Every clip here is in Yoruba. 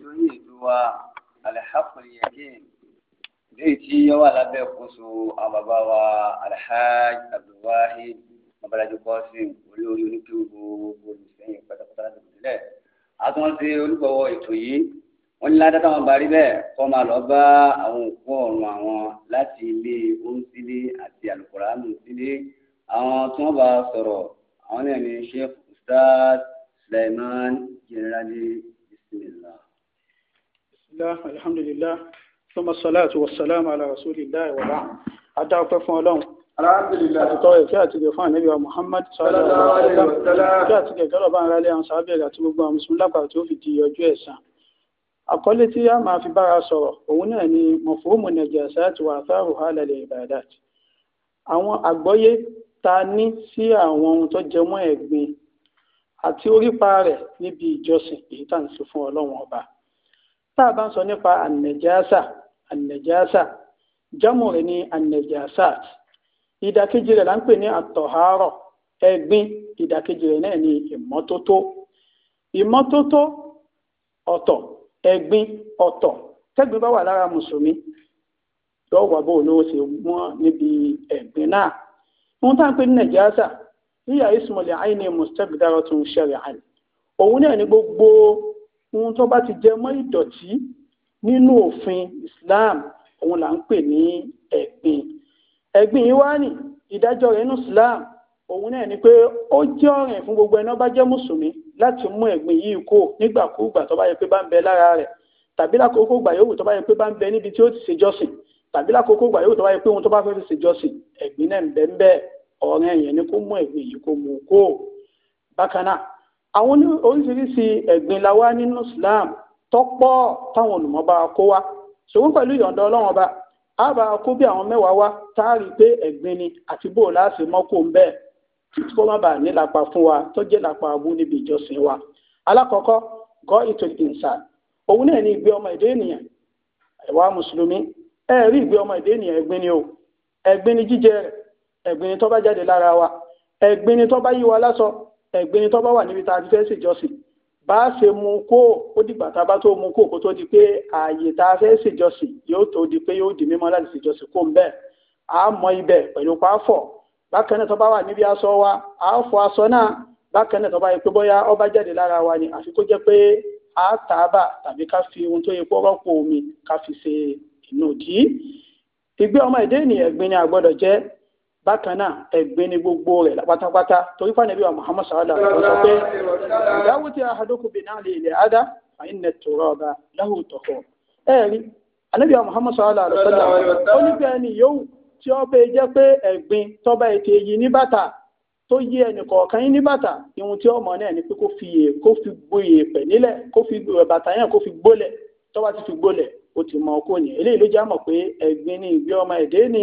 lórí ìlú wa alihakul yakin léyìí tí yọ wà lábẹ́ kóso àbàbà wa alhaj abdulwahid babaláji kọ́sìn olórí oníkiri gbogbo olùsẹ́yìn pátápátá láti ìbílẹ̀ àtúnṣe olùgbọ̀wọ́ ètò yìí wọ́n ní ládàá táwọn bá bẹ́ẹ̀ kọ́ máa lọ bá àwọn òkú ọ̀run àwọn láti ilé oúnjílé àti alukóránù sílé àwọn tí wọ́n bá sọ̀rọ̀ àwọn náà ní sheikh ustaz suleiman generali الله الحمد لله ثم الصلاة والسلام على رسول الله وبعد أدعى كفو لهم الحمد لله أتطوي كاتب يفعل نبي محمد صلى الله عليه وسلم كاتب يقرب عن رالي عن صحابي كاتب يقرب عن بسم الله كاتب في ديو جيسا àkọlé tí a máa fi bára sọ̀rọ̀ òun náà ni mọ̀fóòmù nàìjíríà wà fáàrù hálàlẹ̀ ìbàdàt àwọn àgbọ́yé ta ní sí àwọn ohun tó jẹ mọ́ ẹ̀gbin àti orípa rẹ̀ níbi ìjọsìn èyí tá à ń ṣe fún ọlọ́run ọba tá a bá ń sọ nípa ànẹjásà ànẹjásà jámù rẹ̀ ní ànẹjásàt ìdàkejì rẹ̀ là ń pè ní àtọ̀hárọ̀ ẹ̀gbin ìdàkejì rẹ̀ náà ní ìmọ́tótó ìmọ́tótó ọ̀tọ̀ ẹ̀gbin ọ̀tọ̀ tẹ́gbin bá wà lára mùsùlùmí yóò wà bó olówó ṣe wọ́n níbi ẹ̀gbin náà wọ́n tá à ń pè ní nàìjíríà yíyà ismaili aini mustapha daratun shari'an òun náà ní gbogbo ohun tó bá ti jẹ mọ́ ìdọ̀tí nínú òfin Islam òun là ń pè ní ẹ̀gbin ẹ̀gbin yìí wá nì ìdájọ́ rẹ̀ nínú Islam òun náà ni pé ó jẹ́ ọ̀rìn fún gbogbo ẹni bá jẹ́ mùsùlùmí láti mú ẹ̀gbin yìí kó nígbàkúùgbà tó bá yẹ pé bá ń bẹ lára rẹ̀ tàbí lákòókò gbà yòówù tó bá yẹ pé bá ń bẹ níbi tí ó ti ṣèjọ́sìn tàbí lákòókò gbà yòówù tó bá yẹ pé ohun tó bá fẹ́ fi ṣèjọ́sìn ẹ̀gbin náà ń bẹ ń bẹ ọ̀rìn ẹ̀yẹn ni kó mú ẹ̀gbin yìí kó mú kó bákan náà àwọn oríṣiríṣi ẹ̀gbin la wá nínú Islam tọ́pọ̀ táwọn olùmọ̀ bá kó wa ṣòwò pẹ̀lú ìyọ̀ǹda Ọlọ́run ọba a bá kó bí àwọn mẹ́wàá wá táàrí pé ẹ̀gbin ni àti bó láàṣẹ mọ́kò ń bẹ́ẹ̀ títí kó má bàa nílapa fún wa tó jẹ́ lapa abú níbi ìjọsìn wa alákọ̀ọ́kọ́ gọ́ ìtò ìsàn òun náà ní ìgbé ọmọ èdè ènìyàn ẹ̀wá mùsùlùmí ẹ rí ìgbé ọmọ èdè ènìyàn ẹ̀gbin ni o ẹ̀gbin ni jíjẹ rẹ̀ ẹ̀gbin ni tó bá jáde lára wa ẹ̀gbin ni tó bá yí wa lásọ ẹ̀gbin tó bá wà níbi tá a ti fẹ́ ṣèjọsìn bá a ṣe mú kó ó dìgbà tá a bá tó mú kó kó tó di pé ààyè tá a fẹ́ ṣèjọsìn yóò tó di pé yóò di mímọ́ láti ṣèjọsìn kó ń bẹ́ẹ̀ a mọ ibẹ̀ pẹ̀lú pàáfọ̀ bákan náà tó wà níbi aṣọ wa a fọ aṣọ náà bákan náà tó bá yẹ pé bóyá ó bá jáde lára wa ni àfi kó jẹ́ pé a tà á bà tàbí ká fi ohun tó yẹ kó rọ́pò omi ká fi ṣe ìnùdí bákan náà ni gbogbo rẹ̀ pátápátá torí fànàbí wa muhammad sallallahu alaihi wa sallam sọ pé ìdáwó tí ahadukum bi na'li ilẹ̀ ada àyìnlẹ̀ tòrọ̀ ọba lahu tahur ẹ̀rí ànábì wa muhammad sallallahu alaihi wa sallam ó ní yòówù tí ó bẹ jẹ́ pé ẹ̀gbin tọ́ba ètè yìí ní bàtà tó yí ẹnì kọ̀ọ̀kan ní bàtà tí ó mọ̀ náà ni pé kó fi kó fi ti ti pé ni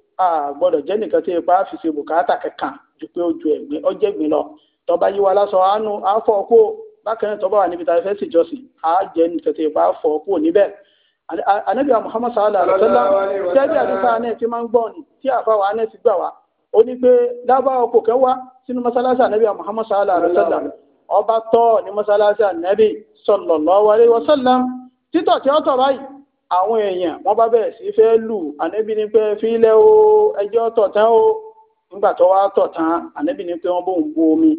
a gbọ́dọ̀ jẹ́ nìkan tí ipa fi ṣe bùkátà kankan ju pé ojú ẹ̀gbin ọjẹ́ ẹ̀gbin lọ tọba yí wa lásán àánú àfọ kó bákan náà tọba wà níbi tá a fẹ́ ṣèjọsìn á jẹ́ nìkan tí ipa fọ kó níbẹ̀ anabi muhammad sallallahu alaihi wa sallam jẹ́bi àdúgbò anẹ́ ti máa ń gbọ́ ni tí àfáwà anẹ́ ti gbà wá ó ní pé dábàá ọkọ̀ kẹwàá sínú mọ́sálásí anabi muhammad sallallahu alaihi wa sallam ọba tọ́ ní mọ́sálásí anabi sallallahu alaihi wa sallam títọ̀ tí ó tọ̀ báyìí àwọn èèyàn wọ́n bá bẹ̀rẹ̀ sí fẹ́ lù ànẹ́bí ni pé fílẹ̀ o ẹjọ́ tọ̀tán o nígbà tó wá tọ̀tán ànẹ́bí ni pé wọ́n bóun bu omi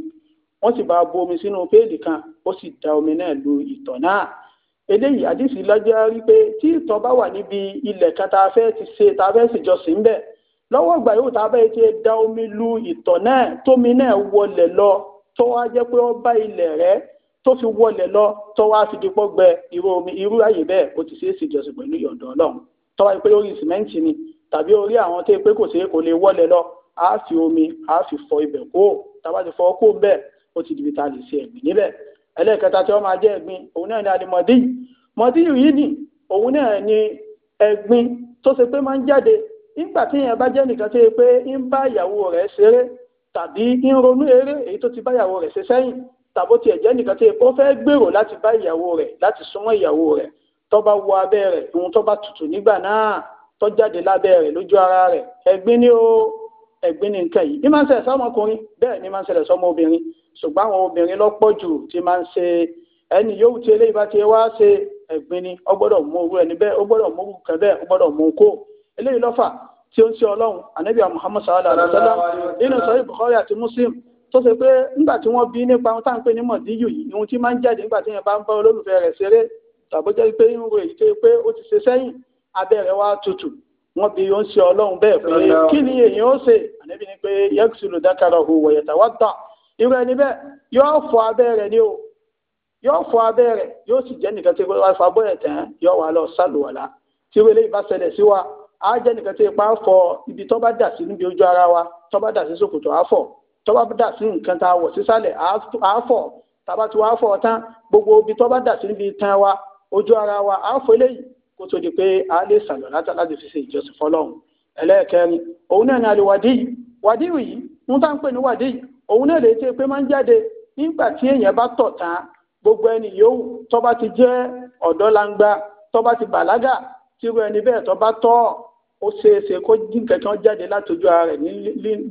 wọ́n sì bá bu omi sínú péèdì kan ó sì da omi náà lu ìtọ̀ náà eléyìí àdìsí lọ́jọ́ rí pé tí ìtọ̀ bá wà níbi ilẹ̀ kan tá a fẹ́ ti ṣe tá a fẹ́ sì jọ sí ń bẹ̀ lọ́wọ́ ìgbà yóò tá a bẹ́ẹ̀ ti da omi lu ìtọ̀ náà tómi náà wọlẹ̀ lọ tó wá jẹ́ pé ó bá ilẹ̀ rẹ̀ tó fi wọlé lọ tó wá fi dipọ́ gbẹ irú omi irú àyè bẹ́ẹ̀ ó ti ṣeé ṣèjọsìn pẹ̀lú ìyọ̀ǹda ọlọ́run tó wáyé pé orí sìmẹ́ǹtì ni tàbí orí àwọn tó pé kò ṣeé kò lè wọlé lọ á fi omi á fi fọ ibẹ̀ kó tàbá ti fọ kó bẹ́ẹ̀ ó ti di ta lè ṣe ẹ̀gbìn níbẹ̀ ẹlẹ́ẹ̀kẹta tí wọ́n máa jẹ́ ẹ̀gbìn òun náà ni àdìmọ̀dì mọ̀dì yìí ni òun náà ni ẹ̀gbìn tó ṣe pé máa ń jáde nígbà tí èèyàn bá jẹ́ nìkan tó yẹ pé ń bá ìyàwó rẹ̀ ṣeré tàbí ń ronú eré èyí tó ti bá ìyàwó rẹ̀ ṣe sẹ́yìn tàbó tiẹ̀ jẹ́ nìkan tí ó fẹ́ gbèrò láti bá ìyàwó rẹ̀ láti súnmọ́ ìyàwó rẹ̀ tó bá wọ abẹ́ rẹ̀ ohun tó bá tutù nígbà náà tó jáde lábẹ́ rẹ̀ lójú ara rẹ̀ ẹ̀gbin ni ó ẹ̀gbin ni nǹkan yìí ní máa ń ṣẹlẹ̀ sọ́mọkùnrin bẹ́ẹ̀ ni máa ń ṣẹlẹ̀ sọ́mọ obìnrin ṣùgbọ́n àwọn obìnrin lọ́pọ̀ jù ti máa ń ṣe ẹni yóò ti eléyìí bá ti wá ṣe ẹ̀gbin ni ó gbọ́dọ̀ mú owó ẹni bẹ́ẹ̀ ó gbọ́dọ̀ mú owó kan bẹ́ẹ̀ ó gbọ́dọ̀ mú kó eléyìí lọ́fà tí ó ń ṣe ọlọ́run ànábì Muhammad sallallahu alaihi wa sallam nínú sọ́yìn Bukhari àti tó ṣe pé nígbà tí wọ́n bí nípa ohun táwọn pè ní mọ̀díyù yìí ohun tí máa ń jáde nígbà tí yẹn bá ń bá olólùfẹ́ rẹ̀ ṣeré tàbójẹ́ pé irun rẹ̀ yìí tó yẹ pé ó ti ṣe sẹ́yìn abẹ́rẹ́ wa tutù wọ́n bí ó ń ṣe ọlọ́run bẹ́ẹ̀ pé kí ni èèyàn ó ṣe ànábì ni pé yẹ́kùsùlù dákàrà òhù wọ̀yẹ̀tà wá tà irú ẹni bẹ́ẹ̀ yóò fọ abẹ́rẹ́ ni o yóò fọ abẹ́rẹ́ yóò sì jẹ́ nìkan tí wọ́n fa bọ́ẹ̀ tán yóò wà lọ sálùwàlà tí wọ́n lè bá ṣẹlẹ̀ sí wa á jẹ́ nìkan tí ipa fọ ibi tó bá dà sí níbi ojú ara wa tó bá dà sí ṣòkòtò á tó bá dà sí nǹkan tá a wọ̀ sísàlẹ̀ àáfọ̀ tàbá tí wàá fọ̀ tán gbogbo ibi tó bá sí níbi tán wa ojú ara wa àáfọ̀ eléyìí kó tó di pé a lè sàlọ̀ látà láti fi ṣe ìjọsìn fọlọ́run ẹlẹ́ẹ̀kẹrin òun náà ni àlùwàdí yìí wàdí yìí ń tá ń pè ní wàdí yìí òun náà lè tẹ́ pé máa ń jáde nígbà tí èèyàn bá tọ̀ tán gbogbo ẹni yòówù tó bá ti jẹ́ ọ̀dọ́langba tó bá ti bàlágà tírú ẹni bẹ́ẹ̀ tó bá tọ̀ ó ṣeéṣe kó nǹkan kan jáde látọjú ara rẹ̀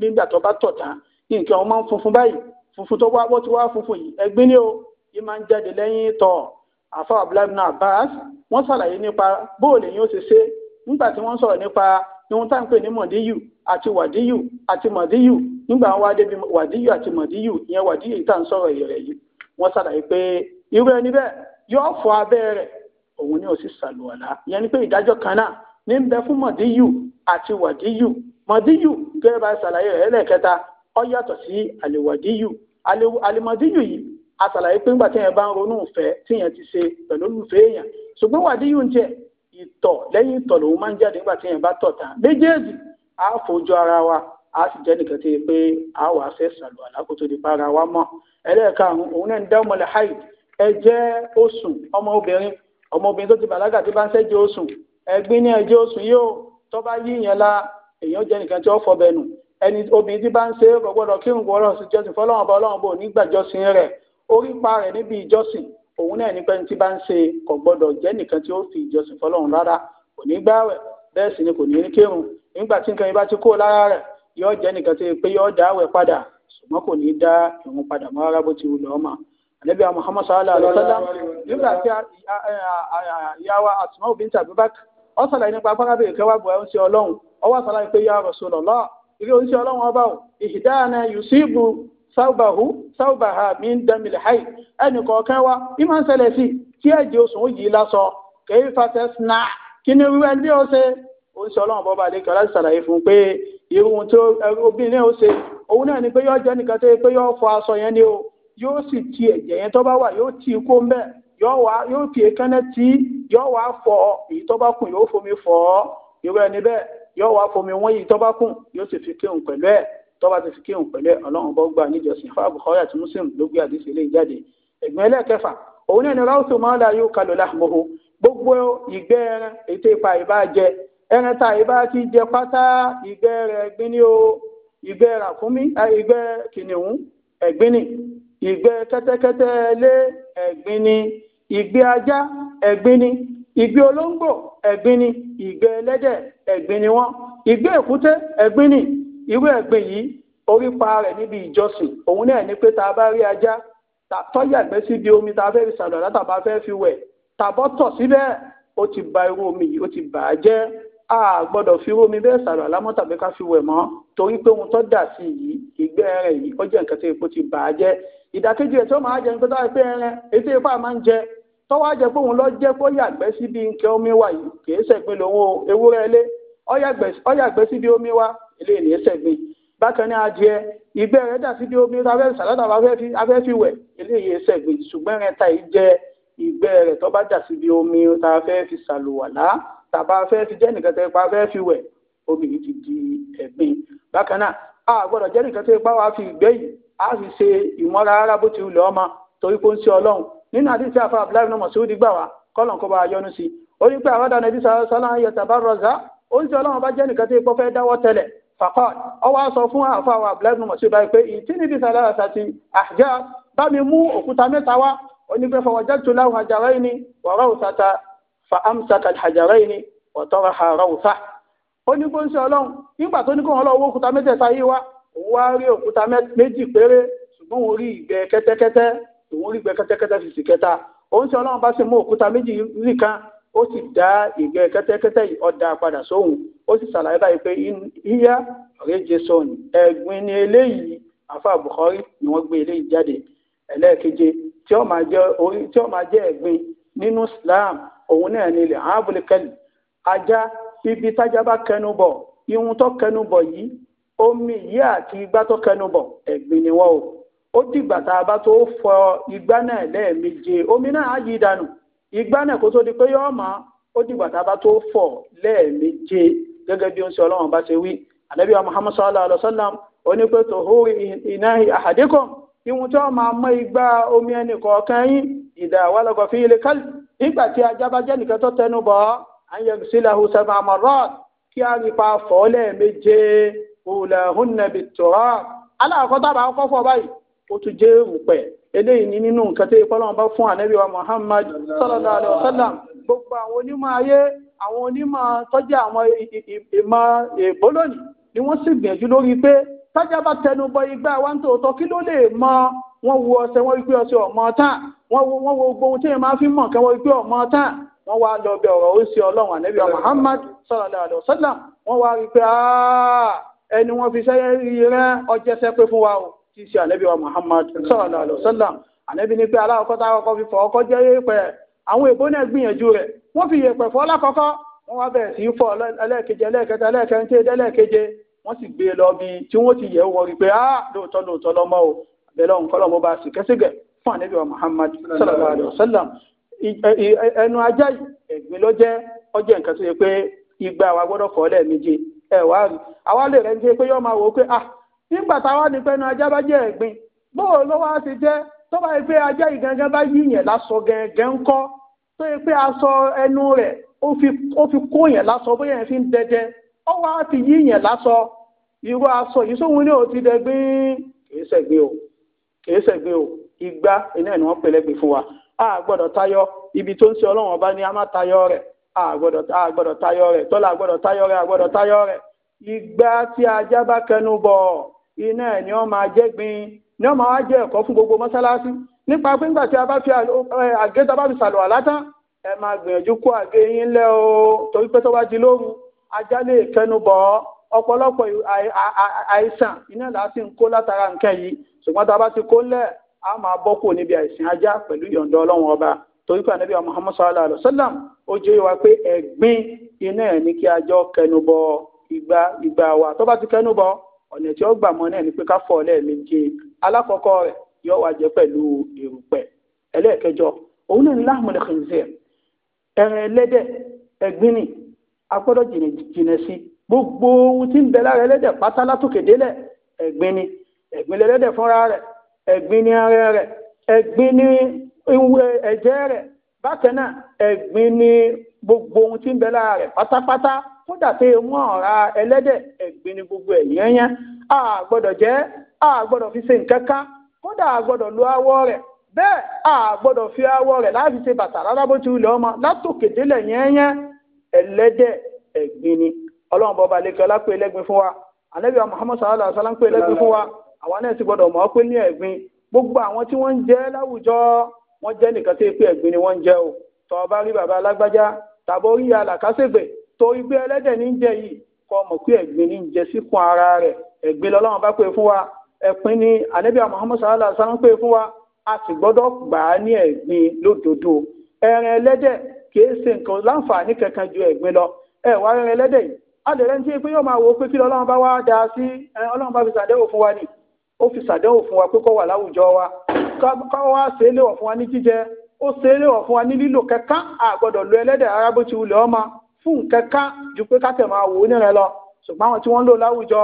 nígbà tó tọ̀ tán nǹkan ọmọ ń funfun báyìí funfun tó wá bó ti wá funfun yìí ẹ̀gbin ni o yìí máa ń jáde lẹ́yìn tọ̀ àfa abdullahi bin abbas wọ́n ṣàlàyé nípa bóòlù yìí ó ṣe ṣe nígbà tí wọ́n sọ̀rọ̀ nípa ohun tá à ń pè ní mọ̀díyù àti wàdíyù àti mọ̀díyù nígbà wọn wá débi wàdíyù àti mọ̀díyù ìyẹn wàdíyù yìí tá à ń sọ̀rọ̀ ìrẹ̀ yìí wọ́n ṣàlàyé pé irú ẹni bẹ́ẹ̀ yóò fọ abẹ́ rẹ̀ òun ni ó sì ṣàlùwàlá ìyẹn ni pé ìdájọ́ kan náà ní ń bẹ fún mọ̀díyù àti wàdíyù mọ̀díyù gẹ́gẹ́ bá ṣàlàyé rẹ̀ lẹ́ẹ̀kẹta ọ yàtọ̀ sí àlèwàdíyù àlèmọ̀díyù yìí a ṣàlàyé pé ńgbà téèyàn bá ń ronú ìfẹ́ téèyàn ti ṣe pẹ̀lú olùfẹ́ èèyàn ṣùgbọ́n wàdíyù ń tiẹ̀ ìtọ̀ lẹ́yìn ìtọ̀ lòun máa ń jáde nígbà téèyàn bá tọ̀ tán méjèèjì á fojú ara wa á sì jẹ́ nìkan tí pé a wà fẹ́ sàlù àlákòtò nípa ara wa mọ̀ ẹlẹ́ẹ̀karùn òun náà ń dá ọmọlẹ̀ haid ẹ jẹ́ oṣù ọmọbìnrin ọmọbìnrin tó ti bàlágà tí bá ń ṣẹ́jẹ́ oṣù ẹ̀gbin ní ẹ̀jẹ̀ oṣù yìí tọ́ bá yí la èèyàn jẹ́ nìkan tí ó fọbẹ̀ nù ẹni obìnrin tí bá ń ṣe é kò gbọdọ̀ kírun kò ọlọ́run sí jọ́sìn fọlọ́run ọba ọlọ́run bò nígbàjọ́sìn rẹ̀ orípa rẹ níbi ìjọ́sìn òun náà ní pẹni tí bá ń ṣe kò gbọdọ̀ jẹ nìkan tí ó fi ìjọ́sìn fọlọ́run rárá kò ní gbààwẹ̀ bẹ́ẹ̀ sì ni kò ní kírun nígbà tí nǹkan yìí ti kó lára rẹ̀ yóò jẹ́ nìkan tí pé yóò dá padà kò ní dá padà rárá bó ti wù Muhammad sallallahu ìrí oríṣi ọlọ́run ọba ò ìdáná yusufu na sábàhà mi ń dẹ́mìlì háì ẹnì kọ̀ọ̀kan wa bí máa ń ṣẹlẹ̀ sí tí ẹ̀jẹ̀ oṣù yìí lásọ kẹ́yì fàṣẹ sinà kí ni wíwẹ́ bí ó ṣe ọlọ́run ọba àlẹ́ kẹ́lá ṣàlàyé fún un pé irun tí obìnrin ó òun náà ni pé yóò jẹ́ nìkan pé yóò fọ aṣọ yẹn ni o yóò sì ti ẹ̀jẹ̀ yẹn tó bá wà yóò ti kó bẹ́ẹ̀ yóò wá yóò fi yóò wá fomi wọ́n yìí tó bá kùn yóò sì fi kírun pẹ̀lú ẹ̀ tó bá ti fi kírun pẹ̀lú ẹ̀ ọlọ́run bọ́ gbà níjọsìn fún Bukhari àti Muslim ló gbé àdìsí ilé jáde ẹ̀gbọ́n ẹlẹ́ẹ̀kẹfà òun náà ni ráùtù la yóò kalò láhùnmọ́ho gbogbo ìgbẹ́ ẹran ètò ìpa ìbá jẹ ẹran tá ìbá ti jẹ pátá ìgbẹ́ rẹ̀ gbin o ìgbẹ́ ràkúnmí ìgbẹ́ kìnìún ẹ̀gbin ni ìgbẹ́ kẹ́tẹ́kẹ́tẹ́ lé ẹ̀gbin ni ìgbẹ́ ajá ẹ̀gbin ni ìgbẹ́ olóńgbò ẹ̀gbin ìgbẹ́ ẹlẹ́dẹ̀ ẹ̀gbin ni wọ́n ìgbé èkúté ẹ̀gbin ni irú ẹ̀gbin yìí orípa rẹ̀ níbi ìjọsìn òun náà ni pé tá a bá rí ajá tọ́yàgbẹ́ síbi omi tá a fẹ́ fi sàlọ̀ látàbá fẹ́ fi wẹ̀ tàbọ́ tọ̀ síbẹ̀ ó ti ba irú omi yìí ó ti bà á jẹ́ a gbọ́dọ̀ fi irú omi bẹ́ẹ̀ sàlọ̀ àlámọ́ tàbí ká fi wẹ̀ mọ́ torí pé ohun tó dà sí yìí ìgbẹ́ rẹ̀ yìí ó jẹ́ nǹkan tó epo ti bà á jẹ́ ìdàkejì ẹ̀ tó máa jẹ nípa táwọn ẹgbẹ́ rẹ̀ ètò ìfà máa ń jẹ tọ́wọ́ á òun lọ jẹ́ kó yàgbẹ́ síbi nǹkan omi wà yìí kì í ṣẹ̀gbin lòun ewúrẹ́ lé ọ̀yàgbẹ́ síbi omi wa eléyìí ní sẹ́gbìn bákan ní adìẹ ìgbẹ́ rẹ̀ dà síbi omi afẹ́ sàlọ́dà afẹ́ fi wẹ̀ eléyìí sẹ́gbìn ṣùgbọ́n rẹ̀ ta yìí jẹ́ ìgbẹ́ rẹ̀ tó bá dà síbi omi tá a fẹ́ fi sàlùwàlá tàbá fẹ́ fi jẹ́ nìkan tẹ́ pa fẹ́ fi wẹ̀ omi yìí ti di ẹ̀gbin bákan náà a gbọ́dọ̀ jẹ́ nìkan tẹ́ pa wá fi ìgbẹ́ yìí a fi ṣe ìmọ́ra ara bó ti wulẹ̀ ọmọ torí pé ń ṣe ọlọ́run nínú àdìsí àfa abdullahi náà sí ó di gbà wá kọ́lọ̀ kó bá a yọnu sí i ó ní pé àwọn dáná ibi sàlọ́ yẹ tàbá rọ̀ zá oúnjẹ ọlọ́run bá jẹ́ nìkan tí ipò fẹ́ dáwọ́ tẹ́lẹ̀ fàkọ́d ọwọ́ sọ fún àfa àwọn abúlẹ́gùn mọ̀ sí báyìí pé ìtí níbi sàlẹ̀ àṣà ti àjá bá mi mú òkúta mẹ́ta wá onífẹ́ fọwọ́já tó láwùn àjàrẹ́ ni wọ̀rọ̀ òsàtà fa amsaka àjàrẹ́ ni ọ̀tọ́rọ̀ àrọ̀ òsà ó ní kóńṣe ọlọ́run nígbà tó ní kó wọn lọ owó òkúta mẹ́tẹ̀ẹ̀ta yìí wá òun wá rí òkúta méjì péré ṣùgbọ́n òun rí ìgbẹ́ kẹ́tẹ́kẹ́tẹ́ òun rí ìgbẹ́ kẹ́tẹ́kẹ́tẹ́ fìsì kẹta òun ṣe ọlọ́run bá ṣe mú òkúta méjì nìkan ó sì dá ìgbẹ́ kẹ́tẹ́kẹ́tẹ́ yìí ọ̀dà padà sóhun ó sì ṣàlàyé báyìí pé yíyá ọ̀rẹ́ jason ẹ̀gbin ni eléyìí àfa Bukhari ni wọ́n gbé eléyìí jáde ẹlẹ́ẹ̀keje tí ó máa jẹ́ ẹ̀gbin nínú Islam òun náà ni ilẹ̀ abúlékẹ́lì ajá ibi tájá bá kẹnu bọ̀ ihun tó kẹnu bọ̀ yìí omi yìí àti igbá tó kẹnu bọ̀ ẹ̀gbin ni wọ́n o ó dìgbà tá a bá tó fọ igbá náà lẹ́ẹ̀meje omi náà á yí dànù ìgbà náà kó tó di pé yóò mọ́ ó dìgbà tá a bá tó fọ̀ lẹ́ẹ̀méje gẹ́gẹ́ bí ó ń ṣe ọlọ́run bá ṣe wí ànábì wa muhammad sallallahu alayhi wa sallam ó ní pé tòhúrì iná ahadikum ìwọ̀n tí wọ́n máa mọ́ igbá omi ẹnì kọ̀ọ̀kan yín ìdá wàlọ́gọ̀ fi ilé kálí nígbà tí ajá bá jẹ́ nìkan tó tẹnu bọ̀ ọ́ àyẹ̀m sílahu sẹ́fà àmọ̀rọ́ọ̀t kí á rí pa fọ́ lẹ́ẹ̀méje òòlà húnnẹ̀bì tòrọ́ aláàkọ́tà bá kọ́ fọ́ báyìí ó tún jẹ́ òpẹ́ eléyìí ní nínú nǹkan tó yẹ kọ́ lọ́wọ́ bá fún ànábì wa Muhammad sallallahu alaihi wasallam gbogbo àwọn onímọ̀ ayé àwọn onímọ̀ tọ́jú àwọn ìmọ̀ èbólónì ni wọ́n sì gbìyànjú lórí pé tájà bá tẹnu bọ igbá wa ń tòótọ́ kí ló lè mọ wọ́n wo ọṣẹ wọ́n rí pé ọṣẹ ọ̀mọ tán wọ́n wo gbogbo ohun tí èèyàn máa fi mọ̀ kí wọ́n rí pé ọ̀mọ tán wọ́n wá lọ bẹ ọ̀rọ̀ ó sí ọlọ́run ànábì wa Muhammad sallallahu alaihi wasallam wọ́n wá rí pé ẹni wọ́n fi sẹ́yìn rí rẹ́ ọjẹ́sẹ́ pé fún wa o tí í ṣe ànábì wa Muhammad sallallahu alaihi wasallam ànábì ní pé alákọ̀ọ́kọ́ tá àkọ́kọ́ fi fọ̀ ọkọ́ jẹ́ yẹ̀pẹ̀ àwọn èbó náà gbìyànjú rẹ̀ wọ́n fi yẹ̀pẹ̀ fọ̀ lákọ́kọ́ wọ́n wá bẹ̀rẹ̀ sí í fọ̀ ẹlẹ́ẹ̀keje ẹlẹ́ẹ̀kẹta ẹlẹ́ẹ̀keje wọ́n sì gbé e lọ bí tí wọ́n ti yẹ̀ wọ́n rí pé lóòótọ́ lóòótọ́ lọ́mọ o àbẹ̀lẹ̀ òun bá sì fún ànábì alaihi e, e, ẹnu ajá nígbà táwa ní pẹ́ẹ́nu ajá bá jẹ́ ẹ̀gbin bóò ló wá ti jẹ́ tó bá yẹ pé ajá yìí gangan bá yíyàn lásọ gẹ̀ẹ́gẹ́ ń kọ́ tó yẹ ẹnu rẹ̀ ó fi kó yẹn lásọ bóyá yẹn fi ń dẹdẹ ó wá ti yíyàn lásọ irú aṣọ yìí sóhun ní òtí dẹgbin kìí ṣẹ̀gbin o kìí o igba iná ni wọ́n pè lẹ́gbin fún wa a gbọ́dọ̀ tayọ ibi tó ń ṣe ọlọ́run bá ní a má tayọ rẹ̀ a gbọ́dọ̀ tayọ rẹ̀ tọ́lá iná ẹ̀ ni wọ́n máa jẹ́ gbin ni wọ́n máa jẹ́ ẹ̀kọ́ fún gbogbo mọ́sálásí nípa pé nígbà tí a bá fi àgé tá a bá fi sàlọ̀ àlátán ẹ máa gbìyànjú kó àgé yín lẹ́ o torí pé tó bá di lóru ajá lè kẹnu bọ̀ a bá ti kó lẹ̀ a máa bọ́ kó níbi ọba torí pé sallallahu alayhi wa sallam ó jẹ́ wa pé ẹ̀gbin iná ẹ̀ ní kí ọ̀nà tí ó gbà mọ́ náà ni pé ká fọ̀ lẹ́ẹ̀mejì alákọ̀ọ́kọ́ rẹ̀ yóò wá jẹ́ pẹ̀lú erùpẹ̀ ẹlẹ́ẹ̀kẹjọ òun náà ni lahmul khinzir ẹran ẹlẹ́dẹ̀ gbogbo ohun tí ń bẹ lára ẹlẹ́dẹ̀ pátá fúnra rẹ̀ ara rẹ̀ gbogbo ohun tí ń pátápátá kódà pé mú ọ̀rá ẹlẹ́dẹ̀ ẹ̀gbin ni gbogbo ẹ̀ yẹ́nyẹ́ a gbọ́dọ̀ jẹ a gbọ́dọ̀ fi ṣe nǹkan kan kódà a gbọ́dọ̀ lo awọ rẹ̀ bẹ́ẹ̀ a gbọ́dọ̀ fi awọ rẹ̀ láti ṣe bàtà rárá bó ti wulẹ̀ ọmọ látòkè délẹ̀ yẹ́nyẹ́ ẹlẹ́dẹ̀ ẹ̀gbin ni ọlọ́run bọba lẹ́kẹ́ ọlá pé ẹlẹ́gbin fún wa ànábì Muhammad sallallahu alaihi wasallam pé ẹlẹ́gbin fún wa àwa náà ti gbọ́dọ̀ mọ̀ ọ́ pé ní torí igbe ẹlẹ́dẹ̀ ní jẹ yìí kọ́ mọ̀ pé ẹ̀gbin ní jẹ síkùn ara rẹ̀ ẹ̀gbin lọ́lọ́run bá pè fún wa ẹ̀pin ni ànábìà Muhammad sallallahu alaihi wasallam pè fún wa a sì gbọ́dọ̀ gbà á ní ẹ̀gbin lódodo ẹran ẹlẹ́dẹ̀ kìí ṣe nǹkan láǹfààní kankan lọ ẹ wá ẹlẹ́dẹ̀ yìí pé yóò máa wo pé bá wá da sí ọlọ́run bá fi fún wa ni ó fi fún wa pé wà láwùjọ wa ká wá ṣe é léwọ̀ fún wa ní jíjẹ ó ṣe é léwọ̀ lo ẹlẹ́dẹ̀ fún nǹkan kan ju pé kátẹ̀ máa wò ó nírẹ lọ ṣùgbọ́n àwọn tí wọ́n ń lò láwùjọ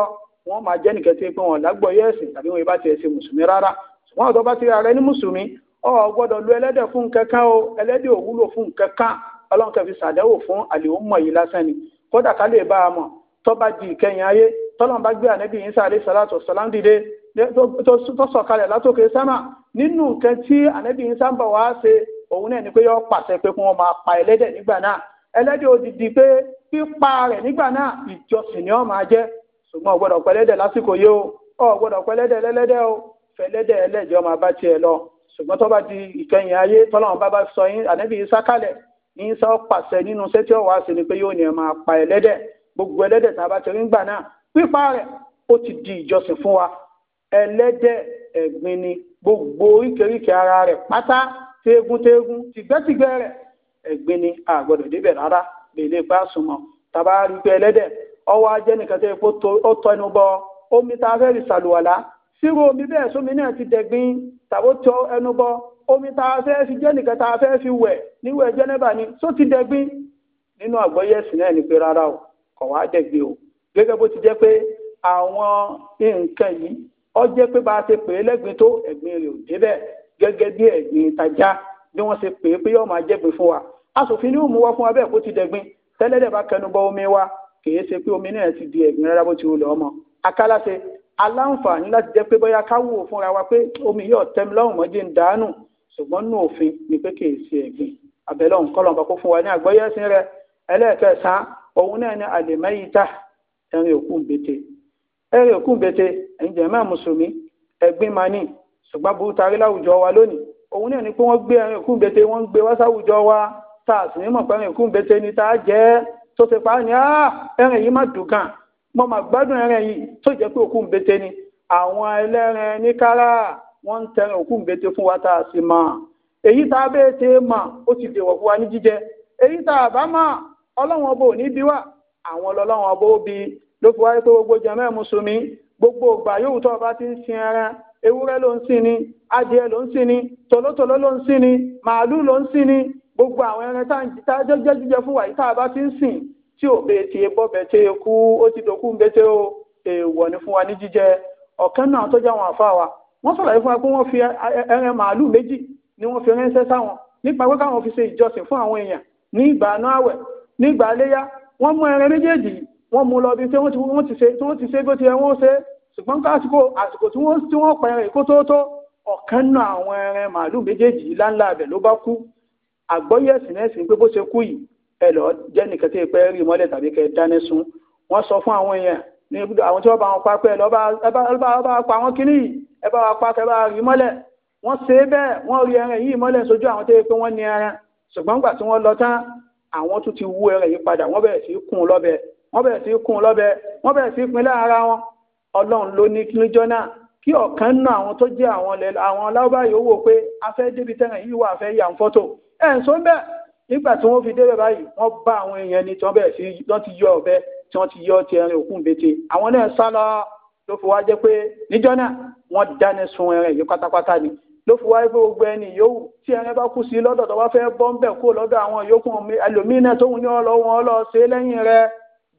wọ́n máa jẹ́ nìkan tí pé wọ́n lágbọ́ yẹ́ ẹ̀sìn tàbí wọ́n ibà tiẹ̀ ṣe mùsùlùmí rárá ṣùgbọ́n ọ̀dọ́ bá ti rà rẹ ní mùsùlùmí o gbọ́dọ̀ lu ẹlẹ́dẹ̀ fún nǹkan kan o ẹlẹ́dẹ̀ ò wúlò fún nǹkan ọlọ́run kẹfì ṣàdẹ́wò fún àlèhùn mọ̀ yìí lásán ni kódà ká lè bá a mọ̀ tó bá di ìkẹyìn ayé tọ́lọ́n bá gbé ànábì yín sáré sàlátù sàlám dìde tó sọ̀kalẹ̀ látòkè sámà nínú nǹkan tí ànábì yín sábà wá ṣe òun náà ni pé yọ pàṣẹ pé kí wọ́n máa pa ẹlẹ́dẹ̀ nígbà náà ẹlẹ́dẹ̀ odidi pé pípa rẹ̀ nígbà náà ìjọsìn ni ó máa jẹ́ ṣùgbọ́n ọ̀gbọ́dọ̀ pẹ́lẹ́dẹ̀ lásìkò yìí o ọ̀gbọ́dọ̀ pẹ́lẹ́dẹ̀ lẹ́lẹ́dẹ̀ o fẹ́lẹ́dẹ̀ ẹlẹ́jẹ̀ ọmọ bá tiẹ̀ lọ ṣùgbọ́n tó bá di ìkẹyìn ayé tọ́lọ́run bá bá sọ yín ànábì yìí sákàlẹ̀ ní sọ pàṣẹ nínú iṣẹ́ tí ó wàá sí ni pé yóò ní ẹ máa pa ẹlẹ́dẹ̀ gbogbo ẹlẹ́dẹ̀ tá a bá ti rí gbà di ìjọsìn fún wa ẹlẹ́dẹ̀ ẹ̀gbin gbogbo oríkèéríkèé ara rẹ̀ pátá tìgbẹ́tìgbẹ́ rẹ̀ ẹ̀gbin ni a gbọ́dọ̀ débẹ̀ rárá bèlè pa àsùnmọ̀ tàbá rí pé ẹlẹ́dẹ̀ ọwọ́ ajẹ́ nìkan tó epo ó tọ́ ẹnu bọ omi tá a fẹ́ rí sàlùwàlá sírú omi bẹ́ẹ̀ sómi náà ti dẹ̀gbin tàbó tọ́ ẹnu bọ omi tá a fẹ́ fi jẹ́ nìkan tá a fẹ́ fi wẹ̀ níwẹ̀ jẹ́nẹ́bà ni só ti dẹ̀gbin nínú àgbọ́yé ẹ̀sìn náà ni pé rárá o kò wá dẹ̀gbin o gẹ́gẹ́ bó ti jẹ́ pé àwọn nǹkan yìí ó jẹ́ pé bá a ṣe pè é lẹ́gbin tó ẹ̀gbin rẹ̀ ò débẹ̀ gẹ́gẹ́ bí ẹ̀gbin tajà bí wọ́n ṣe pè é pé yóò máa jẹ́gbin fún wa asòfin ní òmùwọ́ fún abẹ́ kó ti dẹ̀gbin tẹ́lẹ́dẹ̀ bá kẹnu bọ omi wa kìí ṣe pé omi náà ti di ẹ̀gbin rárá bó ti wù lọ́ mọ́ akálàṣe aláǹfààní láti jẹ́ pé bóyá káwò fúnra wa pé omi yóò tẹ́mi lọ́rùn mọ́jì ń dànù ṣùgbọ́n nù òfin ni pé kìí ṣe ẹ̀gbin àbẹ̀lọ́ nkọ́lọ́mbà kó fún wa ní àgbọ́yé ẹ̀sìn rẹ ẹlẹ́ẹ̀kẹsàn òun náà ní àlèmẹ́yìíta ẹ̀rìn òkú ẹ̀rìn òkú ń bete mùsùlùmí ẹ̀gbin máa ní ṣùgbọ́n burúkú tarí láwùjọ wa lónìí òun náà ní pé wọ́n gbé ẹ̀rìn òkú wọ́n gbé wá sáwùjọ wa ta a sì ní mọ̀ pẹ́rìn kún bẹ́tẹ́ ní tá a jẹ́ tó ti pa á ní ẹ̀rìn yìí má dùn kàn mo mà gbádùn ẹ̀rìn yìí tó jẹ́ pé òkú bẹ́tẹ́ ni àwọn ẹlẹ́rìn ní kárà wọ́n ń tẹrin òkú bẹ́tẹ́ fún wa tá a sì mọ̀ èyí tá a bẹ́ẹ̀ tẹ́ mà ó ti dèwọ̀ fún wa ní jíjẹ èyí tá a bá mà ọlọ́wọ́n bò ní bí wà àwọn ọlọ́wọ́n bò bí ló fi wáyé pé gbogbo jẹ́mẹ́ mùsùlùmí gbogbo ògbà yóò tọ́ ọba ti ń sin ẹran ewúrẹ́ ló ń sin ni adìẹ ló ń sin ni tòlótòló ló ń sin ni màálù ló ń sin ni gbogbo àwọn ẹran tá a jẹ́ jíjẹ fún wa yìí tá a bá ti ń sìn tí ò bẹ ti bọ́ bẹ tẹ kú ó ti dòkú bẹ tẹ o èèwọ̀ ni fún wa ní jíjẹ ọ̀kan náà tó jẹ́ àwọn àfa wa wọ́n sọ̀rọ̀ fún wa pé wọ́n fi ẹran màálù méjì ni wọ́n fi ránṣẹ́ sáwọn nípa pé káwọn fi ṣe ìjọsìn fún àwọn èèyàn ní ìgbà àná àwẹ̀ ní ìgbà iléyá wọ́n mú ẹran méjèèjì wọ́n mú lọ bí tí wọ́n ti ṣe tí wọ́n ti ṣe bó ti yẹ wọ́n ṣe ṣùgbọ́n kásìkò àsìkò tí wọ́n pa ẹran èkó tó náà àwọn ẹran màálù méjèèjì láńlá abẹ ló bá kú àgbọ́yé ẹ̀sìn ẹ̀sìn pé bó ṣe kú yìí ẹ lọ jẹ́ nìkan tí ìpẹ́ rí mọ́lẹ̀ tàbí kẹ́ dáná sun wọ́n sọ fún àwọn èèyàn ní àwọn tí wọ́n bá wọn pa pé ẹ lọ́ọ́ bá pa àwọn kínní yìí ẹ bá wa pa kẹ́ bá rí mọ́lẹ̀ wọ́n ṣe é bẹ́ẹ̀ wọ́n rí ẹran yìí mọ́lẹ̀ sójú àwọn tó yẹ pé wọ́n ní ẹran ṣùgbọ́n gbà tí wọ́n lọ tán àwọn tún ti wú ẹran yìí padà wọ́n bẹ̀rẹ̀ sí í kún un lọ́bẹ̀ wọ́n bẹ̀rẹ̀ sí í kún un lọ́bẹ̀ wọ́n bẹ̀rẹ̀ sí í pin lára wọn ọlọ́run ló ní níjọ́ náà tí ọ̀kan náà àwọn tó jẹ́ àwọn àwọn aláwọ̀bá yìí ó wò pé afẹ́ débi tẹ́ràn yìí wà afẹ́ yà ń fọ́tò ẹ̀ ń sọ ń bẹ̀ nígbà tí wọ́n fi débẹ̀ báyìí wọ́n bá àwọn èèyàn ni tí wọ́n bẹ̀rẹ̀ sí wọ́n ti yọ ọ̀bẹ tí wọ́n ti yọ ti ẹran òkú bete àwọn náà sá lọ ló fi wá jẹ́ pé níjọ́ náà wọ́n dáná sun ẹran yìí pátápátá ni ló fi wá pé gbogbo ẹni yòówù tí ẹran bá kú sí lọ́dọ̀ tó bá fẹ́ bọ́ ń bẹ̀ kó lọ́dọ̀ àwọn yòókù ẹlòmíràn tóun ní ọlọ́wọ́n ọlọ́ọ̀ṣẹ́ lẹ́yìn rẹ̀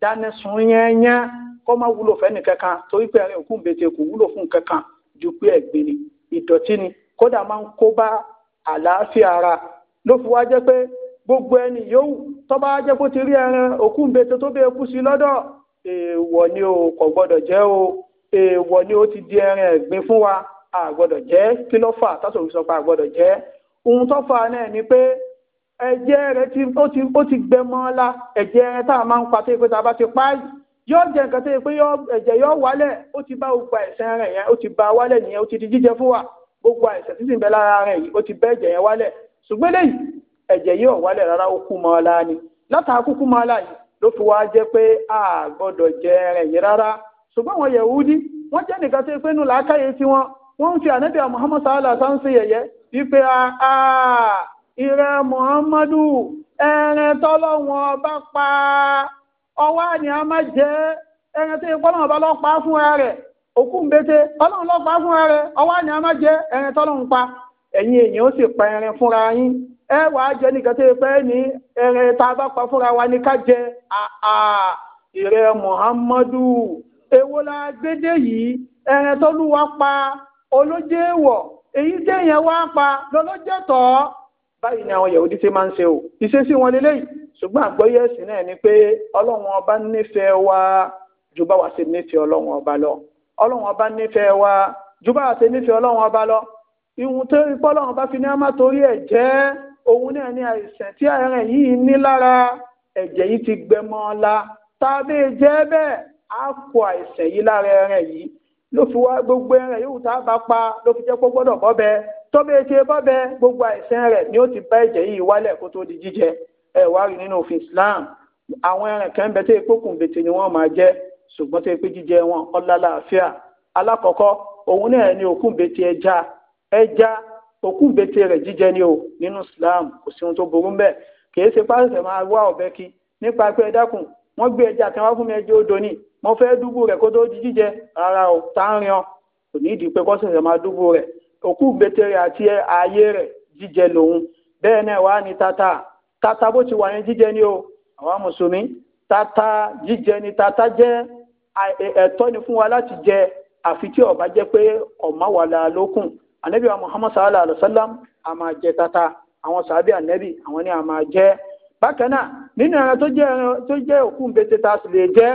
dáná sun yẹn yẹn kọ́ má wúlò fẹ́ni kankan torí pé ẹ̀rín òkú bètè kò wúlò fún kankan ju pé ẹ̀gbin ni ìdọ̀tí ni kódà máa ń kó bá àlàáfíà ara ló fi wá jẹ́ pé gbogbo ẹni yòówù tó bá jẹ́ kó ti rí ẹran òkú bètè tó bẹ́ẹ̀ kú sí lọ́dọ̀ èèwọ̀ ni o kò gbọ́dọ̀ jẹ́ o èèwọ̀ ni o ti di ẹran ẹ̀gbin fún wa a gbọ́dọ̀ jẹ́ kí ló fà tásò fi sọ pé jẹ́ ohun tó fà náà ni pé ẹ̀jẹ̀ rẹ̀ ó ti gbẹmọ́ la, ẹ̀jẹ̀ rẹ̀ tá a máa ń pa tó yẹ pé tá a bá ti pa yìí yóò jẹ nǹkan tó yẹ pé ẹ̀jẹ̀ yóò wálẹ̀ ó ti bá gbogbo àìsàn rẹ̀ yẹn ó ti bá wálẹ̀ nìyẹn ó ti di jíjẹ fún wa gbogbo àìsàn títí ń bẹ lára rẹ̀ yìí ó ti bẹ́ ẹ̀jẹ̀ yẹn wálẹ̀ ṣùgbọ́n lẹ́yìn ẹ̀jẹ̀ rárá ó kú mọ́ ọlá ni látara kúkú mọ́ ọlá yìí ló fi jẹ́ pé a gbọ́dọ̀ jẹ rẹ̀ yìí rárá ṣùgbọ́n ya yẹ pé wọ́n ọwọ́ ni a máa jẹ́ ẹran tó yẹ kọ́ lọ́wọ́ bá lọ́ pa fún ẹ rẹ̀ òkú mbete ọlọ́run lọ́ fún rẹ̀ ọwọ́ ni a máa jẹ́ ẹran tọ́lọ́run pa ẹ̀yin èèyàn ó sì pa ẹran fúnra yín ẹ wà á jẹ nìkan ní ẹran tá a bá pa fúnra wa ní ká jẹ ìrẹ Muhammadu la yìí ẹran pa olójé wọ̀ èyí téèyàn wá pa báyìí ni àwọn Yahudi ti máa ń ṣe o ìṣesí wọn ṣùgbọ́n àgbọ́yé ẹ̀sìn náà ni pé ọlọ́run ọba nífẹ̀ẹ́ wa ju báwa ṣe nífẹ̀ẹ́ ọlọ́run ọba lọ ọlọ́run ọba nífẹ̀ẹ́ wa ju báwa ṣe nífẹ̀ẹ́ ọlọ́run ọba lọ ìhun tó rí pọ́lọ́run ọba fi ní àmà torí ẹ̀ jẹ́ òun náà ní àìsàn tí àárẹ̀ yìí ní lára ẹ̀jẹ̀ yìí ti gbẹmọ́ la tàbí e jẹ́ bẹ́ẹ̀ á kó àìsàn yìí lára ẹ̀rẹ̀ yìí ló fi wá gbogbo ẹ̀rẹ̀ yóò tá bá pa ló fi jẹ́ pé gbọ́dọ̀ bọ́bẹ tọ́bẹ̀ e ṣe bọ́bẹ gbogbo àìsàn rẹ̀ ni ó ti bá ẹ̀jẹ̀ yìí wálẹ̀ kó tó di jíjẹ ẹ wá rí nínú òfin Islam àwọn ẹran kan bẹ tó epo kùn bètè ni wọ́n máa jẹ ṣùgbọ́n tó epo jíjẹ wọn ọlá làáfíà alákọ̀ọ́kọ́ òun náà ni òkú bètè ẹja ẹja òkú bètè rẹ̀ jíjẹ ni o nínú Islam kò sí ohun tó burú mbẹ kìí ṣe pásítọ̀ máa wá ọ̀bẹ kí nípa pé ẹ dákun wọ́n gbé ẹja kan wá fún mi ẹjẹ odò ni mo fẹ́ dúbò rẹ̀ kó tó di jíjẹ rárá o tá ń rìn ọ kò ní ìdí pé kọ́sẹ̀sẹ̀ máa dúbò rẹ̀ òkú bètè rẹ̀ àti ààyè rẹ̀ jíjẹ lòun bẹ́ẹ̀ náà wá ní tata tata bó ti wà yẹn jíjẹ ni o àwa mùsùlùmí tata jíjẹ ni tata jẹ́ ẹ̀tọ́ ni fún wa láti jẹ àfi tí ó bá jẹ́ pé ọmọ wà là anabi wa muhammad sallallahu alaihi wa sallam a máa jẹ tata àwọn sàbí anabi àwọn ni a máa jẹ bákan náà nínú ẹran tó jẹ́ òkú nbẹtẹ tá a sì lè jẹ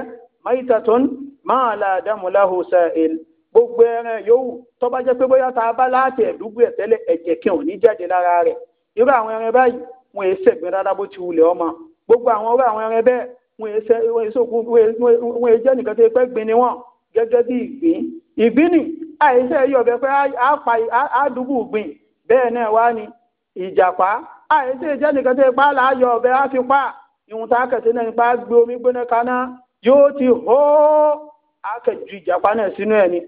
mayitatun máa la dáàmú láhùn sa'il gbogbo ẹran yòówù tó pé bóyá tá a bá láti ẹ̀dúgbò ẹ̀ ẹ̀jẹ̀ kí òun jáde lára rẹ̀ irú àwọn ẹran báyìí wọn èé sẹ̀gbẹ́ rárá bó ti wulẹ̀ ọmọ gbogbo àwọn ọ̀rọ̀ àwọn ẹran bẹ́ẹ̀ wọn èé sẹ wọn èé sòkú wọn èé jẹ́ nìkan tó pẹ́ gbin ni wọ́n gẹ́gẹ́ bí ìgbín ìgbín ni àìsẹ́ yọ̀ bẹ́ẹ̀ pé àdúgbò gbìn bẹ́ẹ̀ náà wá ni ìjàpá àìsí ìjẹ́ nìkan tí ipá láàyò ọ̀bẹ á fi pa ìhun tá a kẹ̀sí náà nípa gbé omi gbóná kaná yóò ti hó akẹ́jù ìjàpá náà sínú ẹ̀ ni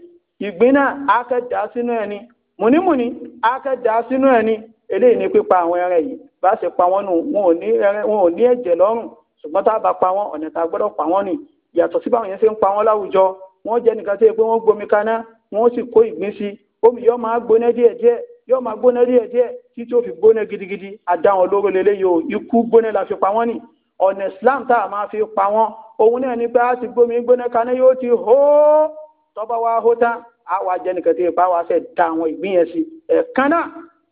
ìgbín náà akẹ́jà sínú ẹ̀ ni mùnímùní akẹ́jà sínú ẹ̀ ni eléyìí ni pípa àwọn ẹran yìí bá ṣe pa wọ́n nù wọn ò ní ẹ̀jẹ̀ lọ́rùn ṣùgbọ́n tá a bá pa wọ́n ọ̀nà tá a gbọ́dọ̀ pa wọ́n nì yàtọ̀ sí báwọn yẹn ṣe ń pa wọ́n láwùjọ wọ́n jẹ́ nìkan tó yẹ pé wọ́n gbomi kaná wọ́n sì kó ìgbín sí omi yóò máa gbóná díẹ̀ díẹ̀ yóò máa gbóná díẹ̀ díẹ̀ títí ó fi gbóná gidigidi àdáwọn olóró lélẹ́yìí o ikú gbóná la fi pa wọ́n nì ọ̀nà Islam tá a máa fi pa wọ́n òun náà ni pé a ti gbómi gbóná kaná yóò ti hóó tọ́ba wa hó tán àwa jẹ́ nìkan tó yẹ pé àwa ṣẹ̀ da àwọn ìgbín yẹn sí ẹ̀kan náà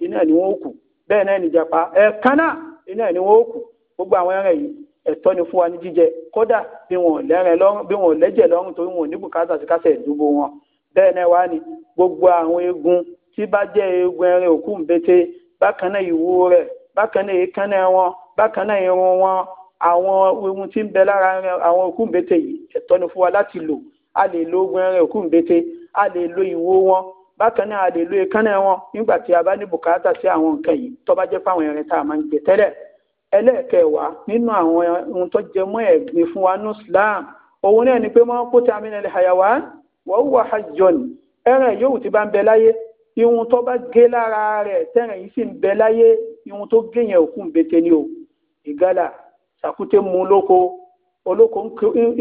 iná ni wọ́n kù bẹ́ẹ̀ náà nìjàpá ẹ̀ẹ̀kan náà iná ni wọ́n kù gbogbo àwọn ẹran yìí ẹ̀tọ́ ni fún wa ní jíjẹ kódà bí wọn lẹ́rìn lọ́rùn bí wọn lẹ́jẹ̀ lọ́rùn torí wọn ò ní bùkátà sí kásẹ̀ ìdúgbò wọn bẹ́ẹ̀ náà wá ní gbogbo àwọn eegun tí bá jẹ́ eegun ẹran òkú ń bété bákan náà ìwo rẹ̀ bákan náà èékánná wọn bákan náà irun wọn àwọn eegun tí ń bẹ lára àwọn òkú ń yìí ẹ̀tọ́ ni fún wa láti lò a lè lo ogun ẹran òkú ń a lè lo ìwo wọn bákan náà a lè lo èékánná wọn nígbà tí a bá ní bùkátà sí àwọn nǹkan yìí tó bá jẹ́ fáwọn ẹ̀rín tá a máa ń jẹ tẹ́lẹ̀ ẹlẹ́ẹ̀kẹwàá nínú àwọn ohun tó jẹ mọ́ ẹ̀gbin fún wa ní Islam òun náà ni pé mọ́ kó tá a mìíràn lè àyàwá wọ́n wà á jọ ní ẹran yòówù tí bá ń bẹ láyé ihun tó bá gé lára rẹ̀ tẹ́ràn yìí sì ń bẹ láyé ihun tó gé yẹn òkú ń bete ni o ìgalà sàkúté mu lóko olóko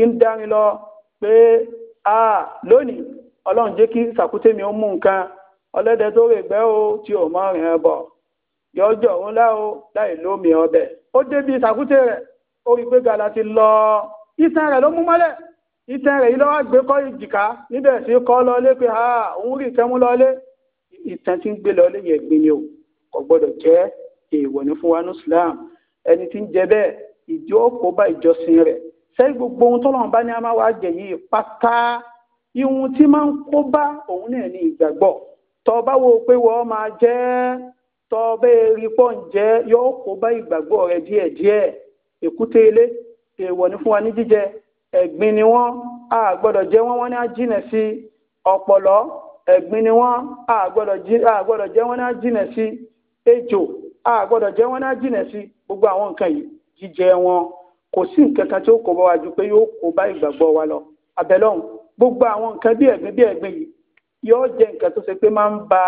ń darin lọ pé a lónìí ọlọ́run jẹ́ kí sàkútẹ́mi ó mú nǹkan ọlọ́dẹ tó rè gbẹ́ o tí ò mọ́ rìn bọ̀ yọjọ́ òun lá o láì lómi ọbẹ̀ ó débi sàkútẹ́ rẹ̀ ó rí pé ti lọ iṣan rẹ̀ ló mú mọ́lẹ̀ iṣan rẹ̀ yìí lọ́wọ́ ha òun rí ìtẹ́mú lọlé ìtàn tí ń gbé lọlé yẹn gbin o kò jẹ́ èèwọ̀ ní fún wa ní Islam ẹni tí ń jẹ bẹ́ẹ̀ kó bá ìjọsìn rẹ̀ sẹ́yìn gbogbo ohun ihun tí máa ń kó bá òun náà ní ìgbàgbọ́ tọ́ bá wo pé wọ́n máa jẹ́ tọ́ bẹ́ẹ̀ rí pọ́ ń jẹ́ yóò kó bá ìgbàgbọ́ rẹ díẹ̀díẹ̀ èkúté ilé èèwọ̀ ní fún wa ní jíjẹ ẹ̀gbin ni wọ́n a gbọ́dọ̀ jẹ wọ́n wọ́n ní ajínà sí ọ̀pọ̀lọ́ ẹ̀gbin ni wọ́n a gbọ́dọ̀ jẹ wọ́n ní ajínà sí ejò a gbọ́dọ̀ jẹ wọ́n ní ajínà sí gbogbo àwọn nǹkan yìí jíjẹ wọn kò sí nǹkan kan tí ó bá wa ju pé yóò kó bá ìgbàgbọ́ wa lọ abẹ́lọ́hùn gbogbo àwọn nǹkan bí ẹ̀gbin bí ẹ̀gbin yìí yóò jẹ́ nǹkan tó ṣe pé máa ń ba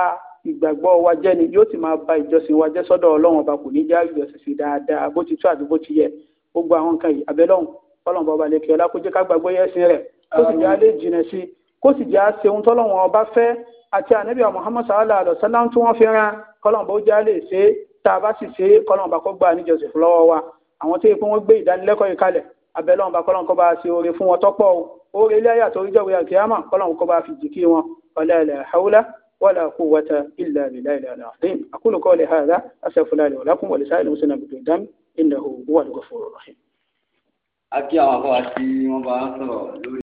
ìgbàgbọ́ wa jẹ́ ni yóò sì máa ba ìjọsìn wa jẹ́ sọ́dọ̀ ọlọ́run ọba kò ní já ìjọsìn sí dáadáa bó ti tó àti bó ti yẹ gbogbo àwọn nǹkan yìí abẹ́lọ́hùn ọlọ́run bọba lè kí ọlá kó jẹ́ ká gbàgbọ́ yẹ́sìn rẹ̀ kó sì já lè jìnà sí i kó sì já ṣe ohun tọ́lọ́run ọba fẹ́ àti ànábì Muhammad sallallahu alaihi wasallam tí wọ́n fi ran kọ́lọ́run bó já lè ṣe é tá a bá sì ṣe é kọ́lọ́run bá kó gbà níjọsìn fún lọ́wọ́ wa orí ilé ayé àtọ́rí jọ̀wé àkíyàmà kọ́lọ́hún kọ́ bá fi jìkì wọn ọ̀la ilẹ̀ haúlá wàlà quwwata illa billahi ilẹ̀ àdéhùn aqulu qawli hadha astaghfirullahi walakum wa lisa'il muslimina bi dhanbi innahu huwal ghafurur rahim. a kí àwọn afọ àti wọn bá sọ̀rọ̀ lórí.